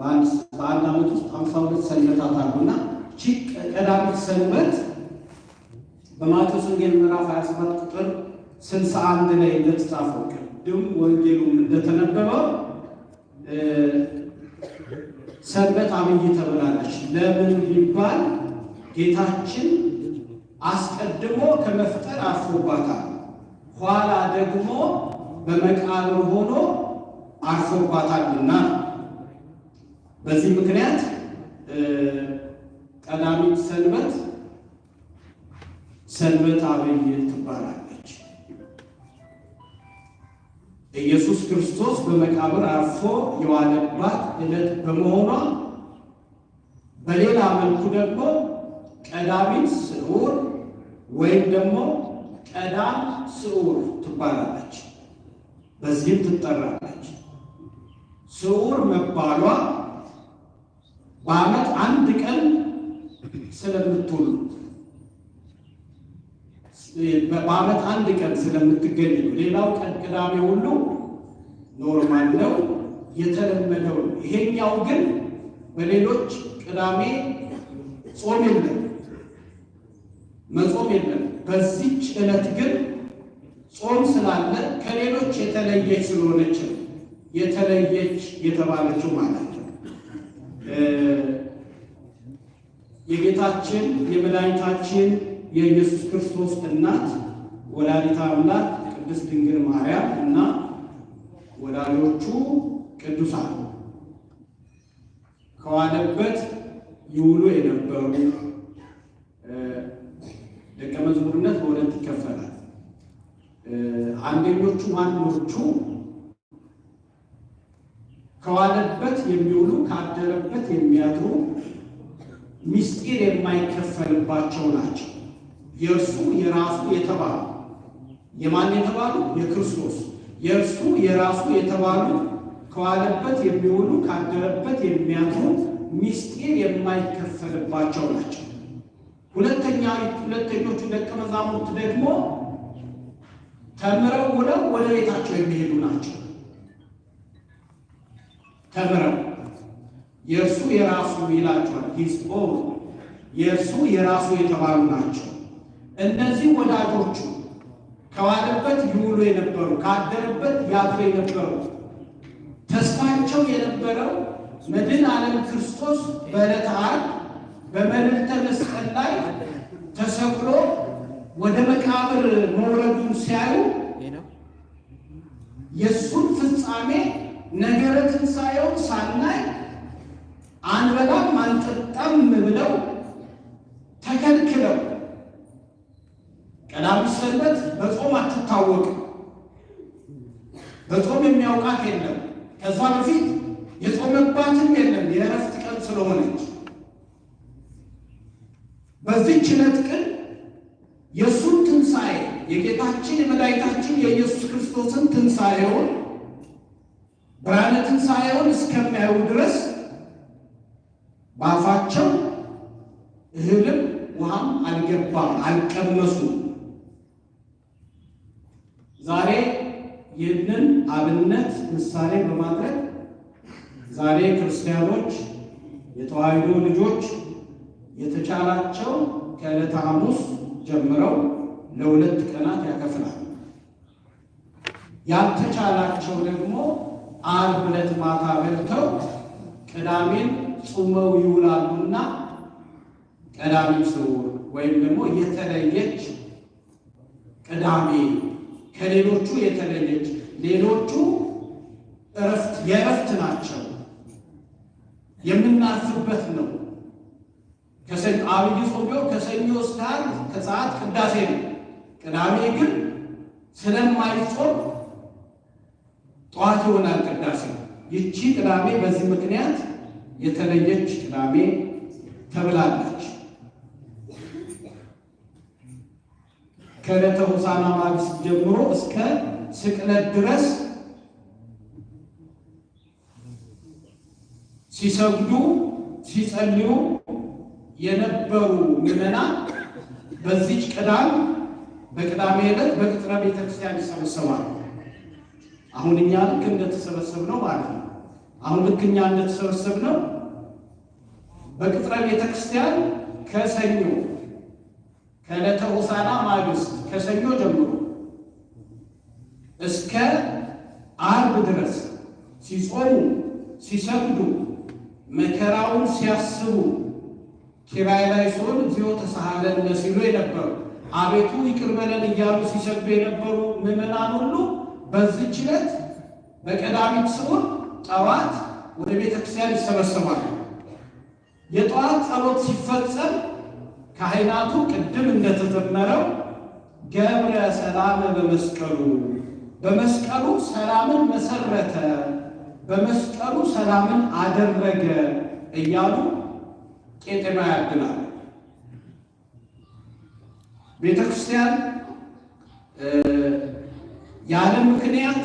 በአንድ ዓመት ውስጥ ሀምሳ ሁለት ሰንበታት አሉና እቺ ቀዳሚት ሰንበት በማቴዎስ ወንጌል ምዕራፍ 27 ቁጥር 61 ላይ እንደተጻፈው ቅድም ወንጌሉም እንደተነበበው ሰንበት አብይ ተብላለች። ለምን ቢባል ጌታችን አስቀድሞ ከመፍጠር አርፎባታል። ኋላ ደግሞ በመቃብር ሆኖ አርፎባታልና በዚህ ምክንያት ቀዳሚት ሰንበት ሰንበት አብይ ትባላለች። ኢየሱስ ክርስቶስ በመቃብር አርፎ የዋለባት ዕለት በመሆኗ በሌላ መልኩ ደግሞ ቀዳሚት ስዑር ወይም ደግሞ ቀዳም ስዑር ትባላለች። በዚህም ትጠራለች። ስዑር መባሏ በዓመት አንድ ቀን ስለምትውሉ በዓመት አንድ ቀን ስለምትገኝ ነው። ሌላው ቀን ቅዳሜ ሁሉ ኖርማል ነው የተለመደው። ነው ይሄኛው ግን በሌሎች ቅዳሜ ጾም የለም መጾም የለም። በዚች ዕለት ግን ጾም ስላለ ከሌሎች የተለየች ስለሆነች የተለየች የተባለችው ማለት ነው። የጌታችን የመድኃኒታችን የኢየሱስ ክርስቶስ እናት ወላዲተ አምላክ ቅድስት ድንግል ማርያም እና ወላጆቹ ቅዱሳን ከዋለበት ይውሉ የነበሩ ደቀ መዝሙርነት በሁለት ይከፈላል። አንደኞቹ ዋኖቹ ከዋለበት የሚውሉ ካደረበት የሚያድሩ ምስጢር የማይከፈልባቸው ናቸው። የእርሱ የራሱ የተባሉ የማን የተባሉ የክርስቶስ የእርሱ የራሱ የተባሉ ከዋለበት የሚውሉ ካደረበት የሚያድሩ ምስጢር የማይከፈልባቸው ናቸው። ሁለተኛ ሁለተኞቹ ደቀ መዛሙርት ደግሞ ተምረው ውለው ወደ ቤታቸው የሚሄዱ ናቸው። ተምረው የእርሱ የራሱ ይላቸዋል። ሂስ የእርሱ የራሱ የተባሉ ናቸው። እነዚህ ወዳጆቹ ከዋለበት ይውሉ የነበሩ ካደረበት ያድሩ የነበሩ ተስፋቸው የነበረው መድን ዓለም ክርስቶስ በዕለተ ዓርብ በመልዕልተ መስቀል ላይ ተሰቅሎ ወደ መቃብር መውረዱን ሲያዩ የእሱን ፍጻሜ ነገረ ትንሣኤውን ሳናይ አንበላም አንጠጣም ብለው ተከልክለው ቀዳሚት ሰንበት በጾም አትታወቅም። በጾም የሚያውቃት የለም። ከዛ በፊት የጾመባትም የለም የእረፍት ቀን ስለሆነች በዚህ ዕለት ቀን የእሱን ትንሣኤ የጌታችን የመድኃኒታችን የኢየሱስ ክርስቶስን ትንሣኤውን ብርሃነ ትንሣኤውን እስከሚያዩ ድረስ በአፋቸው እህልም ውሃም አልገባ አልቀመሱ። ዛሬ ይህንን አብነት ምሳሌ በማድረግ ዛሬ ክርስቲያኖች የተዋሕዶ ልጆች የተቻላቸው ከዕለተ ሐሙስ ጀምረው ለሁለት ቀናት ያከፍላል። ያልተቻላቸው ደግሞ ዓርብ ዕለት ማታ በልተው ቅዳሜን ጾመው ይውላሉና ቀዳሚ ስውር ወይም ደግሞ የተለየች ቅዳሜ ከሌሎቹ የተለየች ሌሎቹ እረፍት የእረፍት ናቸው። የምናርፍበት ነው። አብይ ጾም ቢሆን ከሰኞ እስከ ዓርብ ከሰዓት ቅዳሴ ነው። ቅዳሜ ግን ስለማይጾም ጠዋት ይሆናል ይቺ ቅዳሜ በዚህ ምክንያት የተለየች ቅዳሜ ተብላለች። ከዕለተ ሆሳዕና ማግስት ጀምሮ እስከ ስቅለት ድረስ ሲሰግዱ ሲጸልዩ የነበሩ ምዕመናን በዚች ቅዳም በቅዳሜ ዕለት በቅጥረ ቤተክርስቲያን ይሰበሰባሉ። አሁን እኛ ልክ ነው ማለት ነው። አሁን ልክ እኛ ነው። በቅጥረ ቤተክርስቲያን ከሰኞ ከዕለተ ሆሳዕና ማግስት ከሰኞ ጀምሮ እስከ አርብ ድረስ ሲጾሙ ሲሰግዱ መከራውን ሲያስቡ ኪራይ ላይ ሲሆን እግዚኦ ተሳሃለን ሲሉ የነበሩ አቤቱ ይቅር በለን እያሉ ሲሰግዱ የነበሩ ምዕመናን ሁሉ በዚህች ዕለት በቀዳሚት ስዑር ጠዋት ወደ ቤተ ክርስቲያን ይሰበሰባሉ። የጠዋት ጸሎት ሲፈጸም ካህናቱ ቅድም እንደተዘመረው ገብረ ሰላም በመስቀሉ በመስቀሉ ሰላምን መሰረተ፣ በመስቀሉ ሰላምን አደረገ እያሉ ቄጤማ ያድላል። ቤተ ክርስቲያን ያለ ምክንያት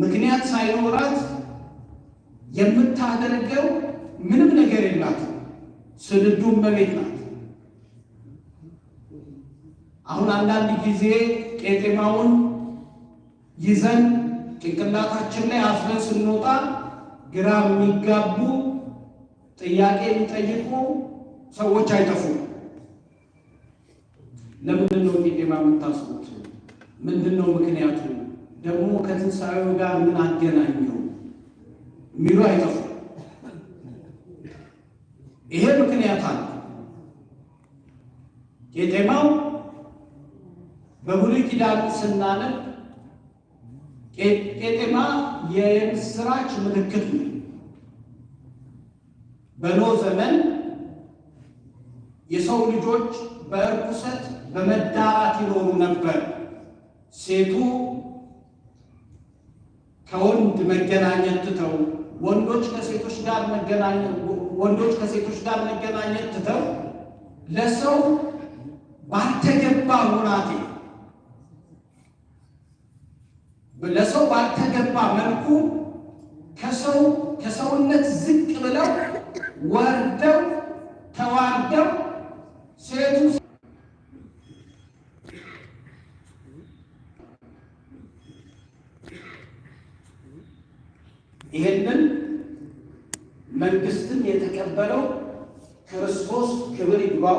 ምክንያት ሳይኖራት የምታደርገው ምንም ነገር የላትም። ስንዱ እመቤት ናት። አሁን አንዳንድ ጊዜ ቄጤማውን ይዘን ጭንቅላታችን ላይ አስረን ስንወጣ ግራ የሚጋቡ ጥያቄ የሚጠይቁ ሰዎች አይጠፉም። ለምንድን ነው ቄጤማ የምታስቡት? ምንድን ነው ምክንያቱ? ደግሞ ከትንሣኤው ጋር ምን አገናኘው የሚሉ አይጠፉ። ይሄ ምክንያት አለ። ቄጤማው በብሉይ ኪዳን ስናነብ ቄጤማ የምስራች ምልክት ነው። በኖ ዘመን የሰው ልጆች በእርኩሰት በመዳራት ይኖሩ ነበር። ሴቱ ከወንድ መገናኘት ትተው ወንዶች ከሴቶች ጋር ወንዶች ከሴቶች ጋር መገናኘት ትተው ለሰው ባልተገባ ሁናቴ ለሰው ባልተገባ መልኩ ከሰው ከሰውነት ዝቅ ብለው ወርደው ተዋርደው ሴቱ ይህንን መንግስትን የተቀበለው ክርስቶስ ክብር ይግባው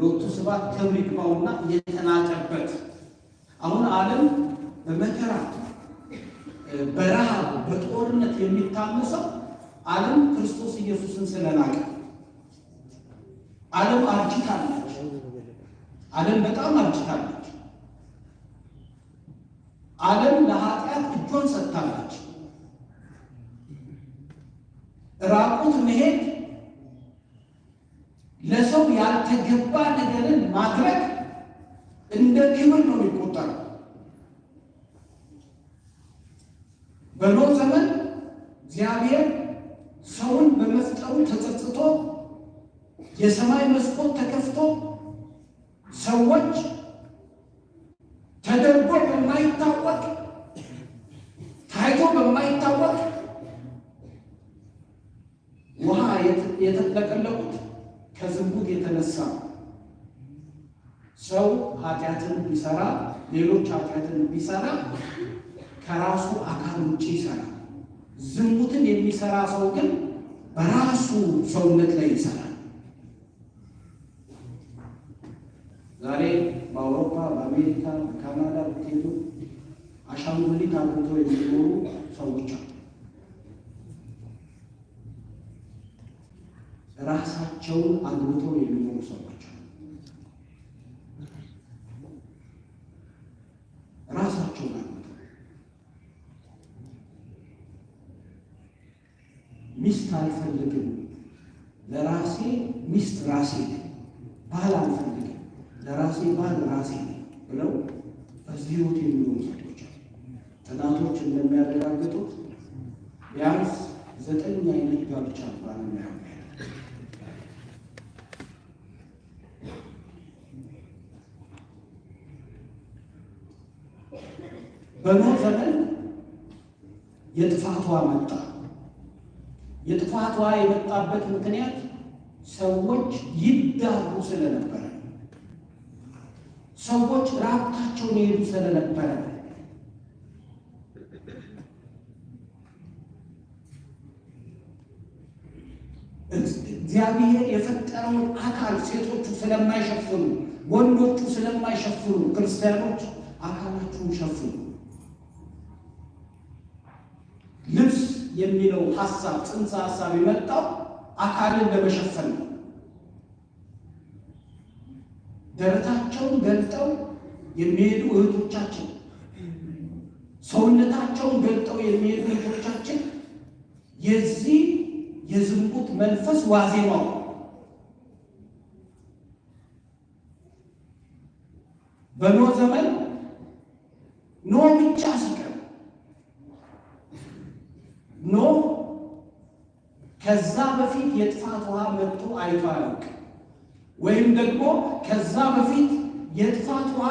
ሎቱ ስብሐት ክብር ይግባውና የተናቀበት አሁን ዓለም በመከራ በረሃብ በጦርነት የሚታመሰው ዓለም ክርስቶስ ኢየሱስን ስለናቀ ዓለም አርጅታለች። ዓለም በጣም አርጅታለች። ዓለም ለኃጢአት እጇን ሰጥታለች። ራቁት መሄድ ለሰው ያልተገባ ነገርን ማድረግ እንደ ክብር ነው የሚቆጠረው። በኖ ዘመን እግዚአብሔር ሰውን በመፍጠሩ ተጸጽቶ የሰማይ መስኮት ተከፍቶ ሰዎች ተደርጎ በማይታወቅ ታይቶ በማይታወቅ የተጠቀለቁት ከዝሙት የተነሳ ሰው ኃጢአትን ቢሰራ ሌሎች ኃጢአትን ቢሰራ ከራሱ አካል ውጭ ይሰራል። ዝሙትን የሚሰራ ሰው ግን በራሱ ሰውነት ላይ ይሰራል። ዛሬ በአውሮፓ፣ በአሜሪካ፣ በካናዳ ብትሄዱ አሻንጉሊት አግብተው የሚኖሩ ራሳቸውን አግብተው የሚኖሩ ሰዎች ራሳቸውን አግብተው ሚስት አልፈልግም፣ ለራሴ ሚስት ራሴ ነኝ፣ ባል አልፈልግም፣ ለራሴ ባል ራሴ ነኝ ብለው በዚህ ህይወት የሚኖሩ ሰዎች ጥናቶች እንደሚያረጋግጡት ቢያንስ ዘጠኝ አይነት ጋብቻ እንኳን የሚያ በኖህ ዘመን የጥፋቷ መጣ። የጥፋቷ የመጣበት ምክንያት ሰዎች ይዳሩ ስለነበረ፣ ሰዎች ራቁታቸውን ይሄዱ ስለነበረ እግዚአብሔር የፈጠረውን አካል ሴቶቹ ስለማይሸፍኑ፣ ወንዶቹ ስለማይሸፍኑ ክርስቲያኖች አካላችሁን ሸፍኑ የሚለው ሀሳብ ጽንሰ ሀሳብ የመጣው አካልን ለመሸፈን ነው። ደረታቸውን ገልጠው የሚሄዱ እህቶቻችን፣ ሰውነታቸውን ገልጠው የሚሄዱ እህቶቻችን የዚህ የዝሙት መንፈስ ዋዜማው በኖህ ዘመን ኖ ብቻ ሲቀር ኖ ከዛ በፊት የጥፋት ውሃ መጥቶ አይቶ አያውቅም። ወይም ደግሞ ከዛ በፊት የጥፋት ውሃ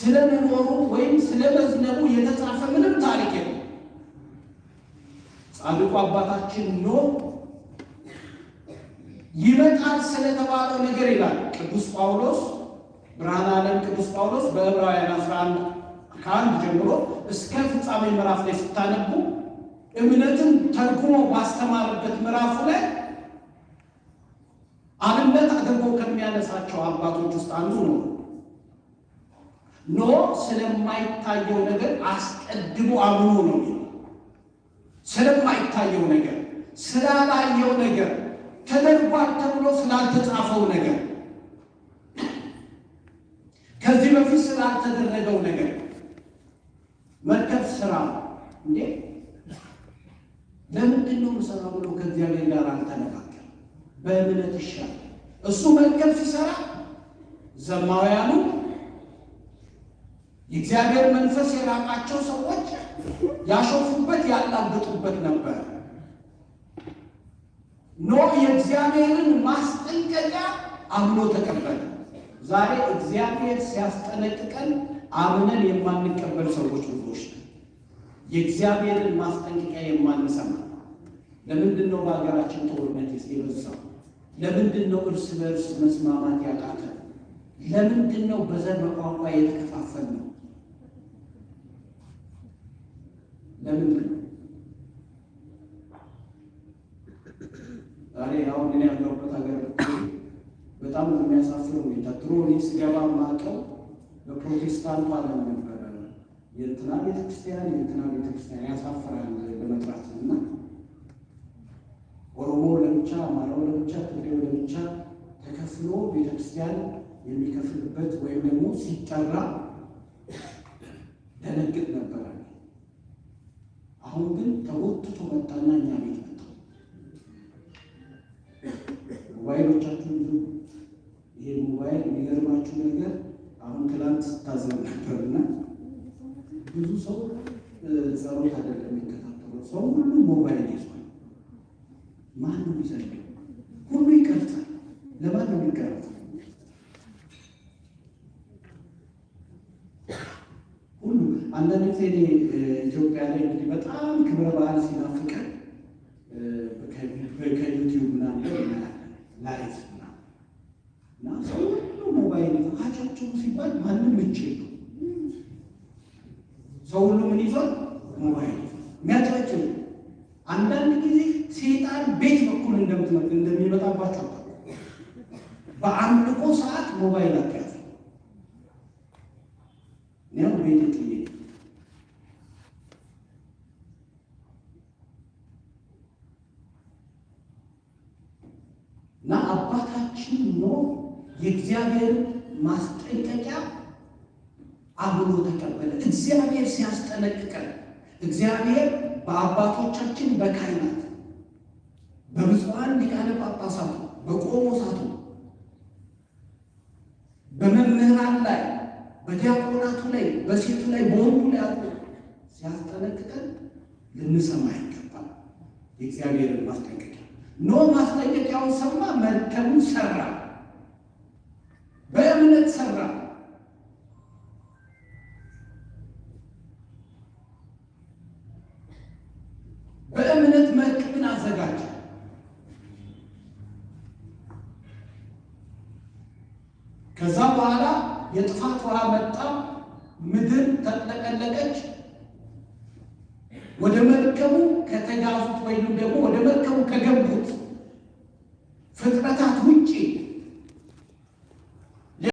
ስለመኖሩ ወይም ስለመዝነቡ የተጻፈ ምንም ታሪክ የለም። ጻድቁ አባታችን ኖ ይመጣል ስለተባለው ነገር ይላል ቅዱስ ጳውሎስ ብርሃን ዓለም ቅዱስ ጳውሎስ በዕብራውያን 11 ከአንድ ጀምሮ እስከ ፍጻሜ ምዕራፍ ላይ ስታነቡ እምነትን ተርጉሞ ባስተማርበት ምዕራፉ ላይ አብነት አድርጎ ከሚያነሳቸው አባቶች ውስጥ አንዱ ነው። ኖ ስለማይታየው ነገር አስቀድሞ አምኖ ነው። ስለማይታየው ነገር፣ ስላላየው ነገር፣ ተደርጓል ተብሎ ስላልተጻፈው ነገር፣ ከዚህ በፊት ስላልተደረገው ነገር መርከብ ስራ እንዴ ለምንድን ነው የምሰራው ብሎ ከእግዚአብሔር ጋር አልተነጋገር። በእምነት ይሻል። እሱ መንገድ ሲሰራ ዘማውያኑ የእግዚአብሔር መንፈስ የራቃቸው ሰዎች ያሾፉበት ያላግጡበት ነበር። ኖህ የእግዚአብሔርን ማስጠንቀቂያ አምኖ ተቀበለ። ዛሬ እግዚአብሔር ሲያስጠነቅቀን አምነን የማንቀበል ሰዎች ብዙዎች የእግዚአብሔርን ማስጠንቀቂያ የማንሰማ ለምንድን ነው በሀገራችን ጦርነት የበዛው? ለምንድን ነው እርስ በእርስ መስማማት ያቃተ? ለምንድን ነው በዘር በቋንቋ የተከፋፈል ነው? ለምንድን ነው ዛሬ አሁን እኔ ያለሁበት ሀገር በጣም የሚያሳፍር ሁኔታ ድሮ እኔ ስገባ ማቀው በፕሮቴስታንቱ ዓለም የእንትና ቤተክርስቲያን የእንትና ቤተክርስቲያን ያሳፍራል ለመጥራት እና ኦሮሞ ለብቻ፣ አማራው ለብቻ፣ ትግሬው ለብቻ ተከፍሎ ቤተክርስቲያን የሚከፍልበት ወይም ደግሞ ሲጠራ ደነግጥ ነበረ። አሁን ግን ተጎትቶ መጣና እኛ ቤት መጣ። ሞባይሎቻችሁ ይዙ። ይሄ ሞባይል የሚገርማችሁ ነገር አሁን ትላንት ስታዘብ ነበርና ብዙ ሰው ጸሎት አይደለም የሚከታተለው ሰው ሁሉ ሞባይል ይዟል። ማን ነው የሚዘለው? ሁሉ ይቀርጻል። ለማን ነው የሚቀርጽ? ሁሉ አንዳንድ ጊዜ እኔ ኢትዮጵያ ላይ እንግዲህ በጣም ክብረ በዓል ሲናፍቀን ከዩቲዩብ ምናምን ላይፍ ምናምን እና ሰው ሁሉ ሞባይል ይዞ ሀጫቸው ሲባል ማንም እችል ይዟል? ሞባይል የሚያጫጭን አንዳንድ ጊዜ ሴጣን ቤት በኩል እንደምትመጥ እንደሚመጣባቸው በአምልኮ ሰዓት ሞባይል አትያዙ። ያው ቤት ጥ እና አባታችን ኖ የእግዚአብሔር ማስጠንቀቂያ አብሮ ተቀበለ። እግዚአብሔር ሲያስጠነቅቀን እግዚአብሔር በአባቶቻችን በካህናት በብፁዓን ሊቃነ ጳጳሳቱ በቆሞሳቱ በመምህራን ላይ በዲያቆናቱ ላይ በሴቱ ላይ በወንዱ ላይ አሉ ሲያስጠነቅቀን ልንሰማ ይገባል። የእግዚአብሔርን ማስጠንቀቂያ ኖ ማስጠንቀቂያውን ሰማ፣ መርከቡን ሰራ፣ በእምነት ሰራ። በእምነት መልክ ምን አዘጋጀ? ከዛ በኋላ የጥፋት ውሃ መጣ፣ ምድር ተጠቀለቀች። ወደ መርከቡ ከተጋዙት ወይም ደግሞ ወደ መርከቡ ከገቡት